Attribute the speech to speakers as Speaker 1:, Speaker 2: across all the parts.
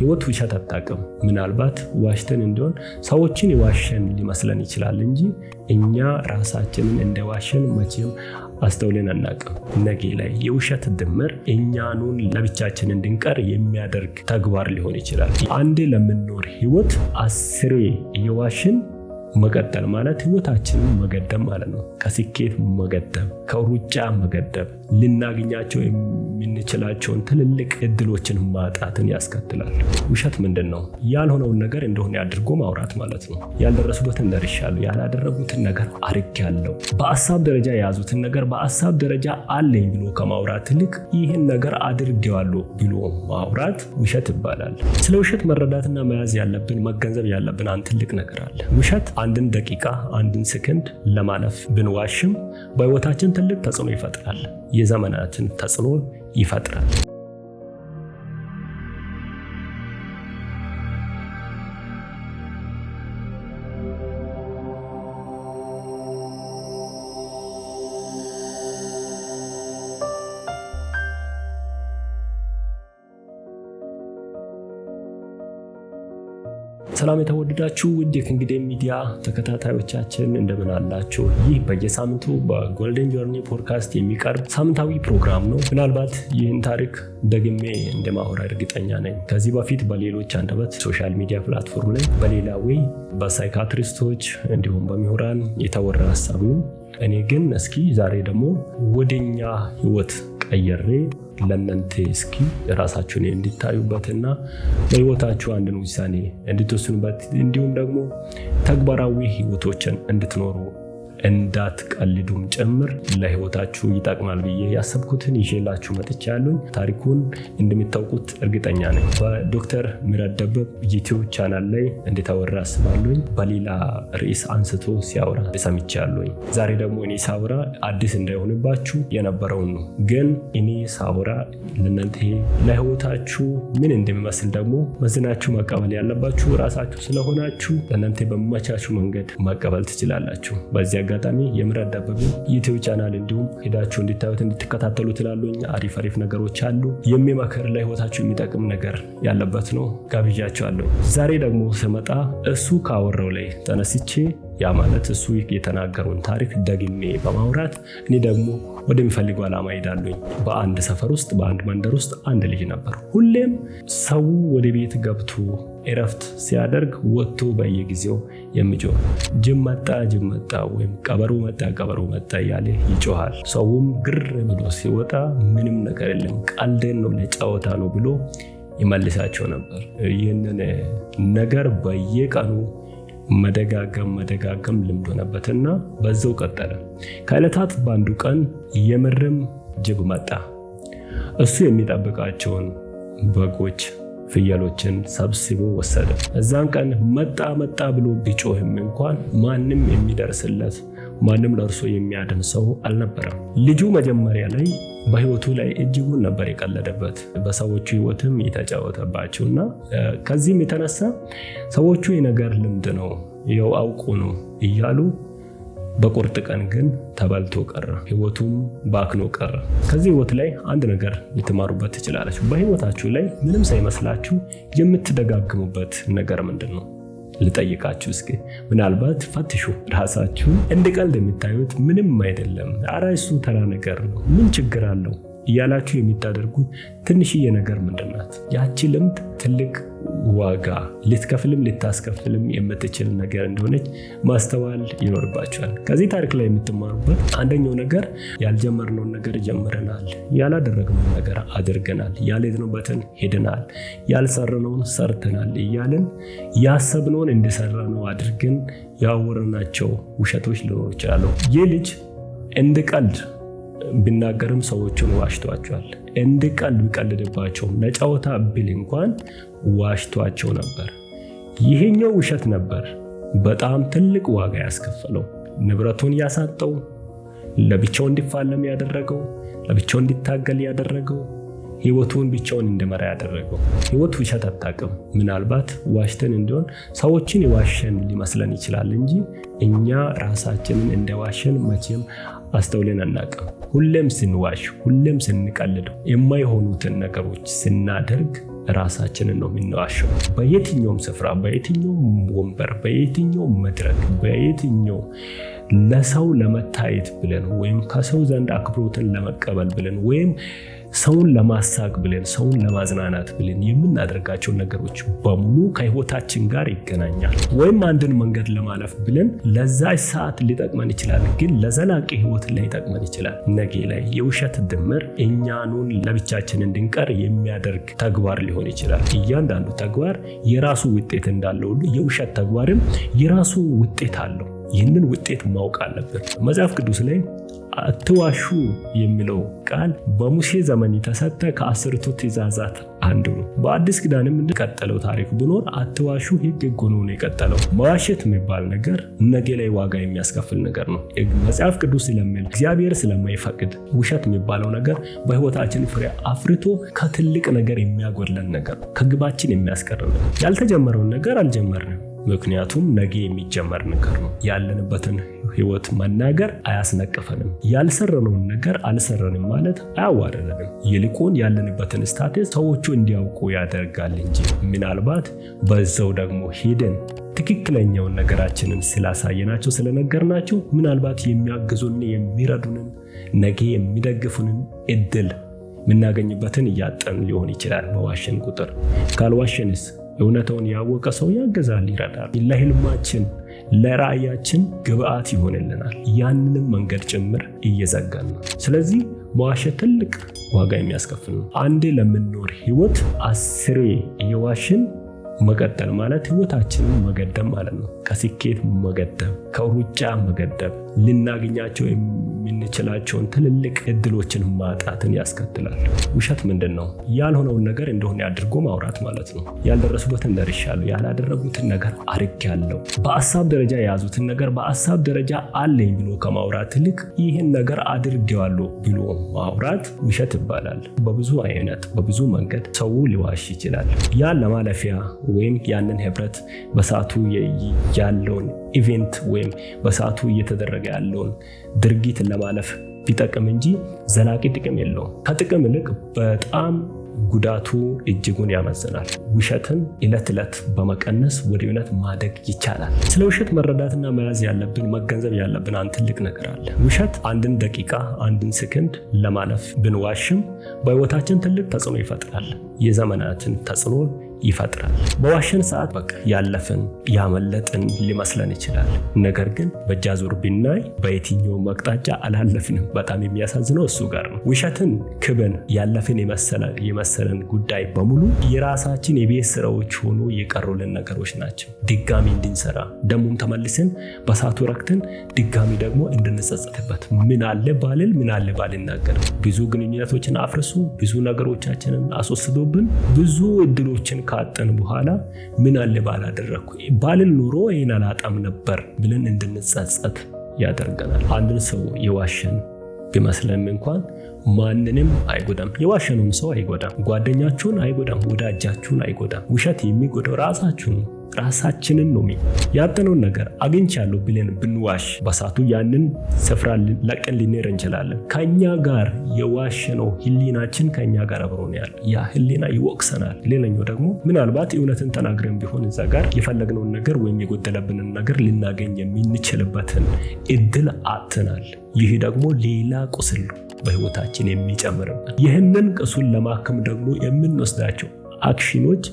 Speaker 1: ህይወት ውሸት አታውቅም። ምናልባት ዋሽተን እንዲሆን ሰዎችን የዋሸን ሊመስለን ይችላል እንጂ እኛ ራሳችንን እንደ ዋሸን መቼም አስተውለን አናውቅም። ነገ ላይ የውሸት ድምር እኛኑን ለብቻችን እንድንቀር የሚያደርግ ተግባር ሊሆን ይችላል። አንዴ ለምንኖር ህይወት አስሬ እየዋሽን መቀጠል ማለት ህይወታችንን መገደብ ማለት ነው። ከስኬት መገደብ፣ ከሩጫ መገደብ ልናገኛቸው የምንችላቸውን ትልልቅ እድሎችን ማጣትን ያስከትላል። ውሸት ምንድን ነው? ያልሆነውን ነገር እንደሆነ አድርጎ ማውራት ማለት ነው። ያልደረሱበትን ደርሻለሁ፣ ያላደረጉትን ነገር አድርጌያለሁ፣ በአሳብ ደረጃ የያዙትን ነገር በአሳብ ደረጃ አለኝ ብሎ ከማውራት ይልቅ ይህን ነገር አድርጌዋለሁ ብሎ ማውራት ውሸት ይባላል። ስለ ውሸት መረዳትና መያዝ ያለብን መገንዘብ ያለብን አንድ ትልቅ ነገር አለ። ውሸት አንድን ደቂቃ አንድን ሰከንድ ለማለፍ ብንዋሽም በህይወታችን ትልቅ ተጽዕኖ ይፈጥራል። የዘመናትን ተጽዕኖ ይፈጥራል። ሰላም የተወደዳችሁ ውድ የክንግዴ ሚዲያ ተከታታዮቻችን እንደምን አላችሁ? ይህ በየሳምንቱ በጎልደን ጆርኒ ፖድካስት የሚቀርብ ሳምንታዊ ፕሮግራም ነው። ምናልባት ይህን ታሪክ ደግሜ እንደማወራ እርግጠኛ ነኝ። ከዚህ በፊት በሌሎች አንደበት ሶሻል ሚዲያ ፕላትፎርም ላይ በሌላ ወይ በሳይካትሪስቶች እንዲሁም በምሁራን የተወራ ሀሳብ ነው። እኔ ግን እስኪ ዛሬ ደግሞ ወደኛ ህይወት ቀየሬ ለእናንተ እስኪ ራሳችሁን እንዲታዩበትና በህይወታችሁ አንድን ውሳኔ እንድትወስኑበት እንዲሁም ደግሞ ተግባራዊ ህይወቶችን እንድትኖሩ እንዳትቀልዱም ጭምር ለህይወታችሁ ይጠቅማል ብዬ ያሰብኩትን ይዤላችሁ ያሉኝ ታሪኩን እንደሚታውቁት እርግጠኛ ነኝ። በዶክተር ምረት ደበብ ዩቲዩብ ቻናል ላይ እንደተወራ አስባለሁኝ። በሌላ ርዕስ አንስቶ ሲያወራ ያሉኝ ዛሬ ደግሞ እኔ ሳውራ አዲስ እንዳይሆንባችሁ የነበረውን ነው። ግን እኔ ሳውራ ለእናንተ ለህይወታችሁ ምን እንደሚመስል ደግሞ መዝናችሁ መቀበል ያለባችሁ ራሳችሁ ስለሆናችሁ ለእናንተ በመቻችሁ መንገድ መቀበል ትችላላችሁ። በዚያ አጋጣሚ የምረት ደበበ ዩቲዩብ ቻናል እንዲሁም ሄዳችሁ እንድታዩት እንድትከታተሉ ትላሉኝ። አሪፍ አሪፍ ነገሮች አሉ። የሚመክር ለህይወታችሁ የሚጠቅም ነገር ያለበት ነው። ጋብዣችኋለሁ። ዛሬ ደግሞ ስመጣ እሱ ካወራው ላይ ተነስቼ ያ ማለት እሱ የተናገረውን ታሪክ ደግሜ በማውራት እኔ ደግሞ ወደሚፈልገው ዓላማ ሄዳለኝ። በአንድ ሰፈር ውስጥ በአንድ መንደር ውስጥ አንድ ልጅ ነበር። ሁሌም ሰው ወደ ቤት ገብቶ እረፍት ሲያደርግ ወጥቶ በየጊዜው የሚጮ ጅም መጣ ጅም መጣ ወይም ቀበሮ መጣ ቀበሮ መጣ እያለ ይጮሃል። ሰውም ግር ብሎ ሲወጣ ምንም ነገር የለም ቀልደን ነው ለጨዋታ ነው ብሎ ይመልሳቸው ነበር። ይህንን ነገር በየቀኑ መደጋገም መደጋገም ልምድ ሆነበትና በዛው ቀጠለ። ከዕለታት በአንዱ ቀን የምርም ጅብ መጣ። እሱ የሚጠብቃቸውን በጎች፣ ፍየሎችን ሰብስቦ ወሰደ። እዛን ቀን መጣ መጣ ብሎ ቢጮህም እንኳን ማንም የሚደርስለት ማንም ለእርሱ የሚያድን ሰው አልነበረም። ልጁ መጀመሪያ ላይ በህይወቱ ላይ እጅጉን ነበር የቀለደበት፣ በሰዎቹ ህይወትም የተጫወተባቸው እና ከዚህም የተነሳ ሰዎቹ የነገር ልምድ ነው ይኸው አውቁ ነው እያሉ በቁርጥ ቀን ግን ተበልቶ ቀረ። ህይወቱም ባክኖ ቀረ። ከዚህ ህይወት ላይ አንድ ነገር ልትማሩበት ትችላለች። በህይወታችሁ ላይ ምንም ሳይመስላችሁ የምትደጋግሙበት ነገር ምንድን ነው? ልጠይቃችሁ እስኪ ምናልባት ፈትሹ ራሳችሁን እንደ ቀልድ የምታዩት ምንም አይደለም። ኧረ ተራ ነገር ነው፣ ምን ችግር አለው? እያላችሁ የሚታደርጉት ትንሽዬ ነገር ምንድን ናት? ያቺ ልምድ ትልቅ ዋጋ ልትከፍልም ልታስከፍልም የምትችል ነገር እንደሆነች ማስተዋል ይኖርባቸዋል። ከዚህ ታሪክ ላይ የምትማሩበት አንደኛው ነገር ያልጀመርነውን ነገር ጀምረናል፣ ያላደረግነውን ነገር አድርገናል፣ ያልሄድንበትን ሄደናል፣ ያልሰርነውን ሰርተናል እያልን ያሰብነውን እንደሰራነው አድርገን ያወረናቸው ውሸቶች ሊኖሩ ይችላሉ። ይህ ልጅ እንደ ቀልድ ብናገርም ሰዎችን ዋሽቷቸዋል። እንድቀልድ ብቀልድባቸውም ለጨዋታ ብል እንኳን ዋሽቷቸው ነበር። ይሄኛው ውሸት ነበር በጣም ትልቅ ዋጋ ያስከፈለው፣ ንብረቱን ያሳጠው፣ ለብቻው እንዲፋለም ያደረገው፣ ለብቻው እንዲታገል ያደረገው፣ ህይወቱን ብቻውን እንዲመራ ያደረገው። ህይወት ውሸት አታውቅም። ምናልባት ዋሽተን እንዲሆን ሰዎችን የዋሸን ሊመስለን ይችላል እንጂ እኛ ራሳችንን እንደዋሸን መቼም አስተውለን አናቅም። ሁሌም ስንዋሽ፣ ሁሌም ስንቀልድ የማይሆኑትን ነገሮች ስናደርግ ራሳችንን ነው የምንዋሸው። በየትኛውም ስፍራ፣ በየትኛውም ወንበር፣ በየትኛውም መድረክ፣ በየትኛው ለሰው ለመታየት ብለን ወይም ከሰው ዘንድ አክብሮትን ለመቀበል ብለን ወይም ሰውን ለማሳቅ ብለን ሰውን ለማዝናናት ብለን የምናደርጋቸው ነገሮች በሙሉ ከህይወታችን ጋር ይገናኛል። ወይም አንድን መንገድ ለማለፍ ብለን ለዛ ሰዓት ሊጠቅመን ይችላል፣ ግን ለዘላቂ ህይወት ላይጠቅመን ይችላል። ነገ ላይ የውሸት ድምር እኛኑን ለብቻችን እንድንቀር የሚያደርግ ተግባር ሊሆን ይችላል። እያንዳንዱ ተግባር የራሱ ውጤት እንዳለው ሁሉ የውሸት ተግባርም የራሱ ውጤት አለው። ይህንን ውጤት ማወቅ አለብን። መጽሐፍ ቅዱስ ላይ አትዋሹ የሚለው ቃል በሙሴ ዘመን የተሰጠ ከአስርቱ ትእዛዛት አንዱ ነው። በአዲስ ኪዳንም እንደቀጠለው ታሪክ ብኖር አትዋሹ ህግ ህግ ሆኖ ነው የቀጠለው። መዋሸት የሚባል ነገር ነገ ላይ ዋጋ የሚያስከፍል ነገር ነው። መጽሐፍ ቅዱስ ስለሚል እግዚአብሔር ስለማይፈቅድ ውሸት የሚባለው ነገር በህይወታችን ፍሬ አፍርቶ ከትልቅ ነገር የሚያጎድለን ነገር ከግባችን የሚያስቀር ነው። ያልተጀመረውን ነገር አልጀመርንም። ምክንያቱም ነገ የሚጀመር ነገር ነው። ያለንበትን ህይወት መናገር አያስነቅፈንም። ያልሰረነውን ነገር አልሰረንም ማለት አያዋረረንም። ይልቁን ያለንበትን ስታትስ ሰዎቹ እንዲያውቁ ያደርጋል እንጂ ምናልባት በዛው ደግሞ ሄደን ትክክለኛውን ነገራችንን ስላሳየናቸው ስለነገርናቸው ምናልባት የሚያግዙን የሚረዱንን ነገ የሚደግፉንን እድል የምናገኝበትን እያጠን ሊሆን ይችላል። በዋሽን ቁጥር ካልዋሽንስ እውነተውን ያወቀ ሰው ያገዛል፣ ይረዳል። ለህልማችን ለራእያችን ግብአት ይሆንልናል። ያንንም መንገድ ጭምር እየዘጋን ነው። ስለዚህ መዋሸት ትልቅ ዋጋ የሚያስከፍል ነው። አንዴ ለምንኖር ህይወት አስሬ እየዋሽን መቀጠል ማለት ህይወታችንን መገደብ ማለት ነው። ከስኬት መገደብ፣ ከሩጫ መገደብ ልናገኛቸው የምንችላቸውን ትልልቅ እድሎችን ማጣትን ያስከትላል። ውሸት ምንድን ነው? ያልሆነውን ነገር እንደሆነ አድርጎ ማውራት ማለት ነው። ያልደረሱበትን ደርሻለሁ፣ ያላደረጉትን ነገር አድርጌያለሁ፣ በአሳብ ደረጃ የያዙትን ነገር በአሳብ ደረጃ አለኝ ብሎ ከማውራት ይልቅ ይህን ነገር አድርጌዋለሁ ብሎ ማውራት ውሸት ይባላል። በብዙ አይነት በብዙ መንገድ ሰው ሊዋሽ ይችላል። ያን ለማለፊያ ወይም ያንን ህብረት በሰዓቱ ያለውን ኢቬንት ወይም በሰዓቱ እየተደረገ ያለውን ድርጊት ለማለፍ ቢጠቅም እንጂ ዘላቂ ጥቅም የለውም። ከጥቅም ይልቅ በጣም ጉዳቱ እጅጉን ያመዝናል። ውሸትን ዕለት ዕለት በመቀነስ ወደ እውነት ማደግ ይቻላል። ስለ ውሸት መረዳትና መያዝ ያለብን መገንዘብ ያለብን አንድ ትልቅ ነገር አለ። ውሸት አንድን ደቂቃ አንድን ስክንድ ለማለፍ ብንዋሽም በህይወታችን ትልቅ ተጽዕኖ ይፈጥራል። የዘመናትን ተጽዕኖ ይፈጥራል። በዋሸን ሰዓት በቃ ያለፍን ያመለጥን ሊመስለን ይችላል። ነገር ግን በእጅ አዙር ብናይ በየትኛውም አቅጣጫ አላለፍንም። በጣም የሚያሳዝነው እሱ ጋር ነው። ውሸትን ክብን፣ ያለፍን የመሰለን ጉዳይ በሙሉ የራሳችን የቤት ስራዎች ሆኖ የቀሩልን ነገሮች ናቸው። ድጋሚ እንድንሰራ ደግሞም ተመልስን በሳቱ ረክትን ድጋሚ ደግሞ እንድንጸጸትበት ምን አለ ባልል ምን አለ ባልናገር ብዙ ግንኙነቶችን አፍርሱ ብዙ ነገሮቻችንን አስወስዶብን ብዙ እድሎችን ካጠን በኋላ ምን አለ ባላደረግኩ ባልን ኑሮ ይህን አላጣም ነበር ብለን እንድንጸጸት ያደርገናል። አንድን ሰው የዋሸን ቢመስለም እንኳን ማንንም አይጎዳም። የዋሸነውን ሰው አይጎዳም፣ ጓደኛችሁን አይጎዳም፣ ወዳጃችሁን አይጎዳም። ውሸት የሚጎዳው ራሳችሁ ነው። ራሳችንን ነው ሚ ያጠነውን ነገር አግኝቻለሁ ብለን ብንዋሽ በሳቱ ያንን ስፍራ ለቀን ልንሄድ እንችላለን። ከኛ ጋር የዋሸነው ህሊናችን ከኛ ጋር አብሮ ነው ያለ። ያ ህሊና ይወቅሰናል። ሌላኛው ደግሞ ምናልባት እውነትን ተናግረን ቢሆን እዛ ጋር የፈለግነውን ነገር ወይም የጎደለብንን ነገር ልናገኝ የምንችልበትን እድል አጥተናል። ይህ ደግሞ ሌላ ቁስል በህይወታችን የሚጨምርበት ይህንን ቁስል ለማከም ደግሞ የምንወስዳቸው አክሽኖች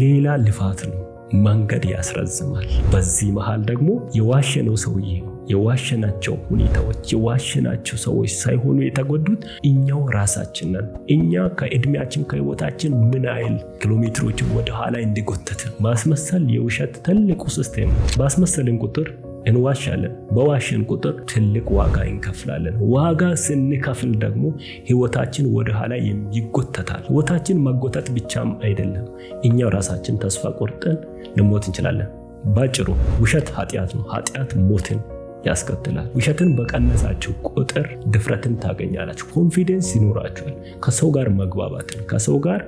Speaker 1: ሌላ ልፋት ነው። መንገድ ያስረዝማል። በዚህ መሃል ደግሞ የዋሸነው ሰውዬ የዋሸናቸው ሁኔታዎች የዋሸናቸው ሰዎች ሳይሆኑ የተጎዱት እኛው ራሳችን ነን። እኛ ከእድሜያችን ከህይወታችን ምን ያህል ኪሎሜትሮችን ወደኋላ እንዲጎተትን ማስመሰል የውሸት ትልቁ ሲስቴም ነው። ማስመሰልን ቁጥር እንዋሻለን። በዋሽን ቁጥር ትልቅ ዋጋ እንከፍላለን። ዋጋ ስንከፍል ደግሞ ህይወታችን ወደ ኋላ ይጎተታል። ህይወታችን መጎተት ብቻም አይደለም፣ እኛው ራሳችን ተስፋ ቆርጠን ልንሞት እንችላለን። ባጭሩ ውሸት ኃጢአት ነው። ኃጢአት ሞትን ያስከትላል። ውሸትን በቀነሳችሁ ቁጥር ድፍረትን ታገኛላችሁ። ኮንፊደንስ ይኖራችኋል። ከሰው ጋር መግባባትን፣ ከሰው ጋር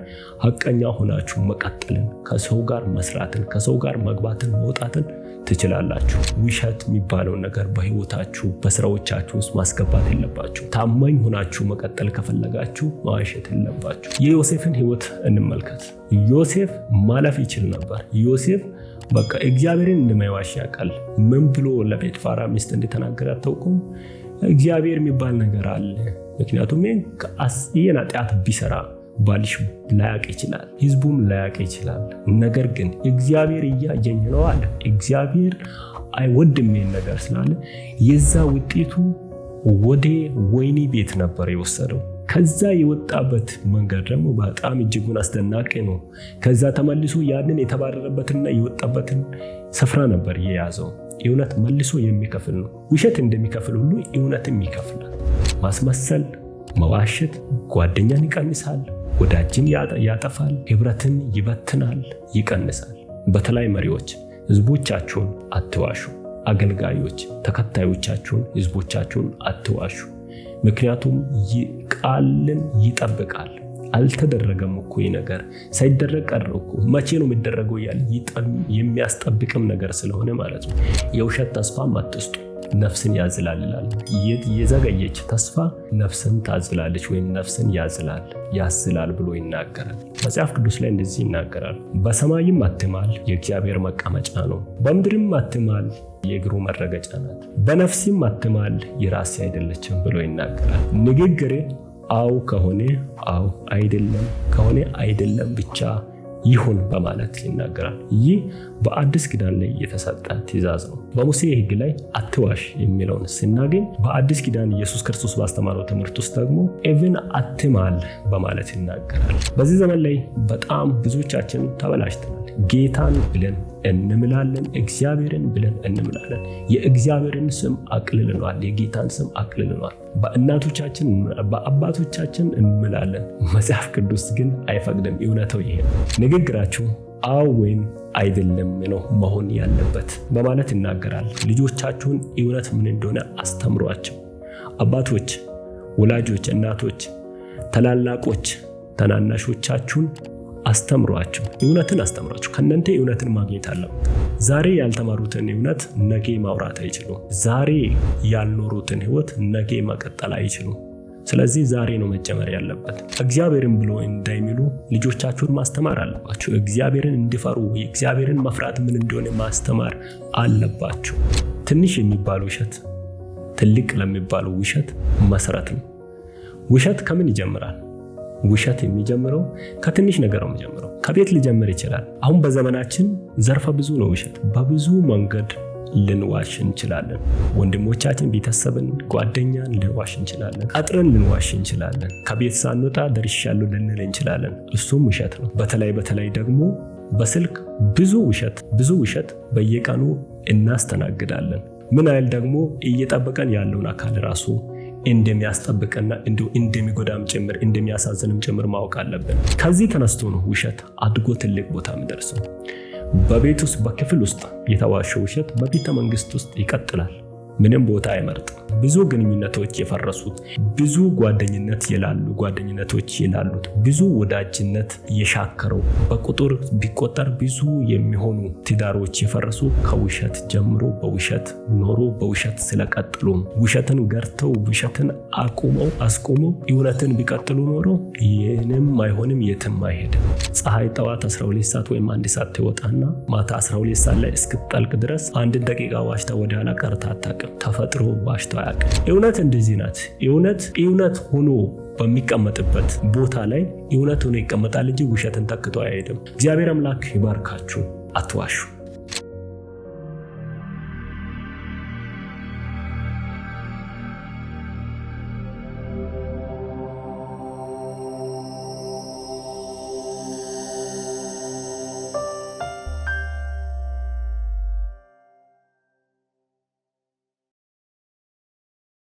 Speaker 1: ሀቀኛ ሆናችሁ መቀጠልን፣ ከሰው ጋር መስራትን፣ ከሰው ጋር መግባትን፣ መውጣትን ትችላላችሁ። ውሸት የሚባለውን ነገር በህይወታችሁ በስራዎቻችሁ ውስጥ ማስገባት የለባችሁ። ታማኝ ሆናችሁ መቀጠል ከፈለጋችሁ መዋሸት የለባችሁ። የዮሴፍን ህይወት እንመልከት። ዮሴፍ ማለፍ ይችል ነበር። ዮሴፍ በቃ እግዚአብሔርን እንደማይዋሽ ያውቃል። ምን ብሎ ለጴጥፋራ ሚስት እንደተናገረ አታውቁም? እግዚአብሔር የሚባል ነገር አለ። ምክንያቱም ይህን ኃጢአት ቢሰራ ባልሽ ላያቅ ይችላል፣ ህዝቡም ላያቅ ይችላል። ነገር ግን እግዚአብሔር እያየኝ ነው አለ። እግዚአብሔር አይወድም ይህን ነገር ስላለ የዛ ውጤቱ ወደ ወይኒ ቤት ነበር የወሰደው። ከዛ የወጣበት መንገድ ደግሞ በጣም እጅጉን አስደናቂ ነው። ከዛ ተመልሶ ያንን የተባረረበትና የወጣበትን ስፍራ ነበር የያዘው። እውነት መልሶ የሚከፍል ነው። ውሸት እንደሚከፍል ሁሉ እውነትም ይከፍላል። ማስመሰል፣ መዋሸት ጓደኛን ይቀንሳል። ወዳጅን ያጠፋል፣ ህብረትን ይበትናል፣ ይቀንሳል። በተለይ መሪዎች ህዝቦቻችሁን አትዋሹ። አገልጋዮች ተከታዮቻችሁን፣ ህዝቦቻችሁን አትዋሹ። ምክንያቱም ቃልን ይጠብቃል። አልተደረገም እኮ ይህ ነገር ሳይደረግ ቀረ እኮ መቼ ነው የሚደረገው? እያለ የሚያስጠብቅም ነገር ስለሆነ ማለት ነው። የውሸት ተስፋም አትስጡ። ነፍስን ያዝላል ይላል። የዘገየች ተስፋ ነፍስን ታዝላለች ወይም ነፍስን ያዝላል ያዝላል ብሎ ይናገራል። መጽሐፍ ቅዱስ ላይ እንደዚህ ይናገራል። በሰማይም አትማል የእግዚአብሔር መቀመጫ ነው፣ በምድርም አትማል የእግሩ መረገጫ ናት፣ በነፍስም አትማል የራሴ አይደለችም ብሎ ይናገራል። ንግግሬ አው ከሆነ አው አይደለም ከሆነ አይደለም ብቻ ይሁን በማለት ይናገራል። ይህ በአዲስ ኪዳን ላይ የተሰጠ ትእዛዝ ነው። በሙሴ ሕግ ላይ አትዋሽ የሚለውን ስናገኝ በአዲስ ኪዳን ኢየሱስ ክርስቶስ ባስተማረው ትምህርት ውስጥ ደግሞ ኤቨን አትማል በማለት ይናገራል። በዚህ ዘመን ላይ በጣም ብዙዎቻችን ተበላሽተናል። ጌታን ብለን እንምላለን፣ እግዚአብሔርን ብለን እንምላለን። የእግዚአብሔርን ስም አቅልልኗል፣ የጌታን ስም አቅልልኗል። በእናቶቻችን በአባቶቻችን እንምላለን። መጽሐፍ ቅዱስ ግን አይፈቅድም። እውነታው ይሄ ነው። ንግግራችሁ አው ወይም አይደለም ነው መሆን ያለበት በማለት ይናገራል። ልጆቻችሁን እውነት ምን እንደሆነ አስተምሯቸው። አባቶች፣ ወላጆች፣ እናቶች፣ ታላላቆች ተናናሾቻችሁን አስተምሯቸው። እውነትን አስተምሯቸው። ከእናንተ እውነትን ማግኘት አለው። ዛሬ ያልተማሩትን እውነት ነገ ማውራት አይችሉም። ዛሬ ያልኖሩትን ህይወት ነገ መቀጠል አይችሉም። ስለዚህ ዛሬ ነው መጀመር ያለበት። እግዚአብሔርን ብሎ እንዳይምሉ ልጆቻችሁን ማስተማር አለባችሁ። እግዚአብሔርን እንዲፈሩ የእግዚአብሔርን መፍራት ምን እንደሆነ ማስተማር አለባችሁ። ትንሽ የሚባል ውሸት ትልቅ ለሚባለው ውሸት መሰረት ነው። ውሸት ከምን ይጀምራል? ውሸት የሚጀምረው ከትንሽ ነገር ነው የሚጀምረው። ከቤት ሊጀምር ይችላል። አሁን በዘመናችን ዘርፈ ብዙ ነው ውሸት በብዙ መንገድ ልንዋሽ እንችላለን። ወንድሞቻችን፣ ቤተሰብን፣ ጓደኛን ልንዋሽ እንችላለን። ቀጥረን ልንዋሽ እንችላለን። ከቤት ሳንወጣ ደርሻለሁ ልንል እንችላለን። እሱም ውሸት ነው። በተለይ በተለይ ደግሞ በስልክ ብዙ ውሸት ብዙ ውሸት በየቀኑ እናስተናግዳለን። ምን ያህል ደግሞ እየጠበቀን ያለውን አካል ራሱ እንደሚያስጠብቅና እንደሚጎዳም ጭምር እንደሚያሳዝንም ጭምር ማወቅ አለብን። ከዚህ ተነስቶ ነው ውሸት አድጎ ትልቅ ቦታ የሚደርሰው። በቤት ውስጥ በክፍል ውስጥ የተዋሸው ውሸት በቤተ መንግስት ውስጥ ይቀጥላል። ምንም ቦታ አይመርጥ። ብዙ ግንኙነቶች የፈረሱት፣ ብዙ ጓደኝነት የላሉ ጓደኝነቶች የላሉት፣ ብዙ ወዳጅነት የሻከረው፣ በቁጥር ቢቆጠር ብዙ የሚሆኑ ትዳሮች የፈረሱ ከውሸት ጀምሮ በውሸት ኖሮ በውሸት ስለቀጥሉ ውሸትን ገርተው ውሸትን አቁመው አስቁመው እውነትን ቢቀጥሉ ኖሮ ይህንም አይሆንም፣ የትም አይሄድ። ፀሐይ ጠዋት 12 ሰዓት ወይም አንድ ሰዓት ትወጣና ማታ 12 ሰዓት ላይ እስክትጠልቅ ድረስ አንድን ደቂቃ ዋሽታ ወደ ኋላ ቀርታ አታውቅም። ተፈጥሮ ዋሽቶ አያውቅም። እውነት እንደዚህ ናት። እውነት እውነት ሆኖ በሚቀመጥበት ቦታ ላይ እውነት ሆኖ ይቀመጣል እንጂ ውሸትን ተክቶ አይሄድም። እግዚአብሔር አምላክ ይባርካችሁ። አትዋሹ።